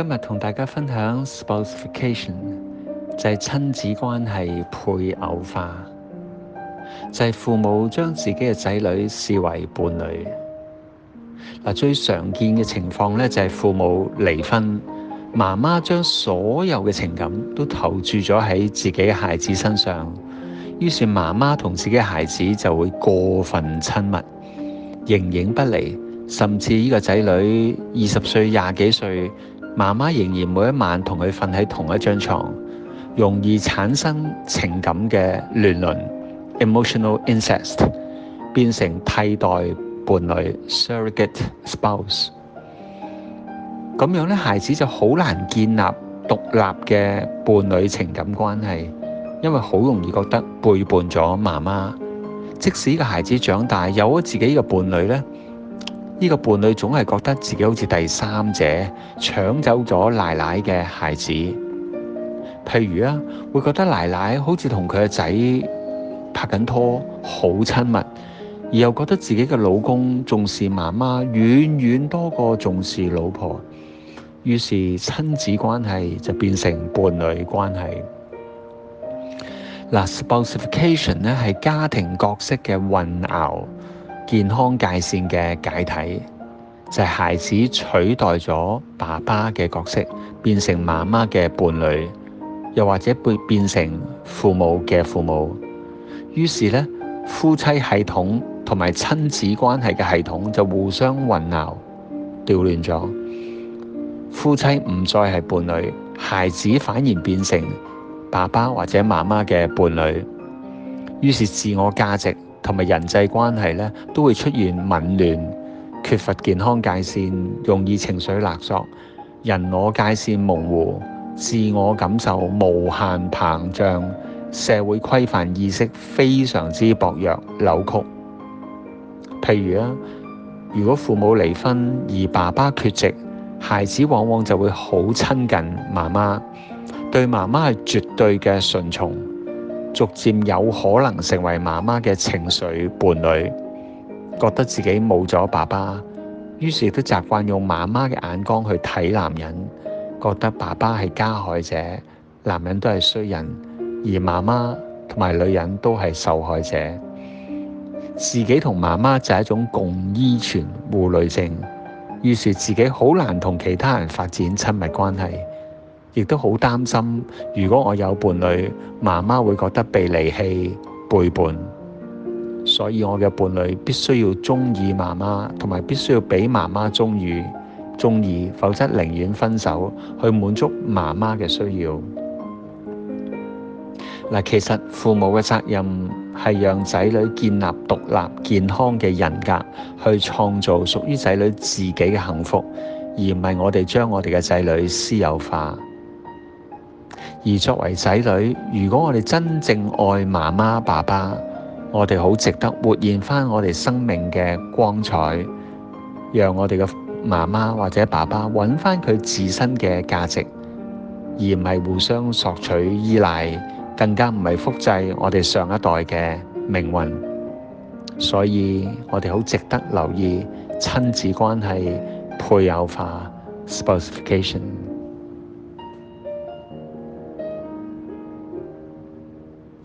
今日同大家分享 spousification 就係親子關係配偶化，就係、是、父母將自己嘅仔女視為伴侶。嗱，最常見嘅情況咧就係父母離婚，媽媽將所有嘅情感都投注咗喺自己嘅孩子身上，於是媽媽同自己嘅孩子就會過分親密，形影不離，甚至呢個仔女二十歲廿幾歲。媽媽仍然每一晚同佢瞓喺同一張床，容易產生情感嘅亂倫 （emotional incest），變成替代伴侶 （surrogate spouse）。咁樣咧，孩子就好難建立獨立嘅伴侶情感關係，因為好容易覺得背叛咗媽媽。即使個孩子長大有咗自己嘅伴侶咧。呢個伴侶總係覺得自己好似第三者搶走咗奶奶嘅孩子，譬如啊，會覺得奶奶好似同佢嘅仔拍緊拖，好親密，而又覺得自己嘅老公重視媽媽遠遠多過重視老婆，於是親子關係就變成伴侶關係。嗱，Spousification 咧係家庭角色嘅混淆。健康界線嘅解體，就係、是、孩子取代咗爸爸嘅角色，變成媽媽嘅伴侶，又或者變變成父母嘅父母。於是呢，夫妻系統同埋親子關係嘅系統就互相混淆、調亂咗。夫妻唔再係伴侶，孩子反而變成爸爸或者媽媽嘅伴侶。於是自我價值。同埋人際關係咧，都會出現紊亂，缺乏健康界線，容易情緒勒索，人我界線模糊，自我感受無限膨脹，社會規範意識非常之薄弱，扭曲。譬如啊，如果父母離婚而爸爸缺席，孩子往往就會好親近媽媽，對媽媽係絕對嘅順從。逐漸有可能成為媽媽嘅情緒伴侶，覺得自己冇咗爸爸，於是都習慣用媽媽嘅眼光去睇男人，覺得爸爸係加害者，男人都係衰人，而媽媽同埋女人都係受害者。自己同媽媽就係一種共依存互累症，於是自己好難同其他人發展親密關係。亦都好擔心，如果我有伴侶，媽媽會覺得被離棄、背叛，所以我嘅伴侶必須要中意媽媽，同埋必須要俾媽媽中意、中意，否則寧願分手去滿足媽媽嘅需要。嗱，其實父母嘅責任係讓仔女建立獨立、健康嘅人格，去創造屬於仔女自己嘅幸福，而唔係我哋將我哋嘅仔女私有化。而作為仔女，如果我哋真正愛媽媽爸爸，我哋好值得活現翻我哋生命嘅光彩，讓我哋嘅媽媽或者爸爸揾翻佢自身嘅價值，而唔係互相索取依賴，更加唔係複製我哋上一代嘅命運。所以，我哋好值得留意親子關係配偶化 Spousification。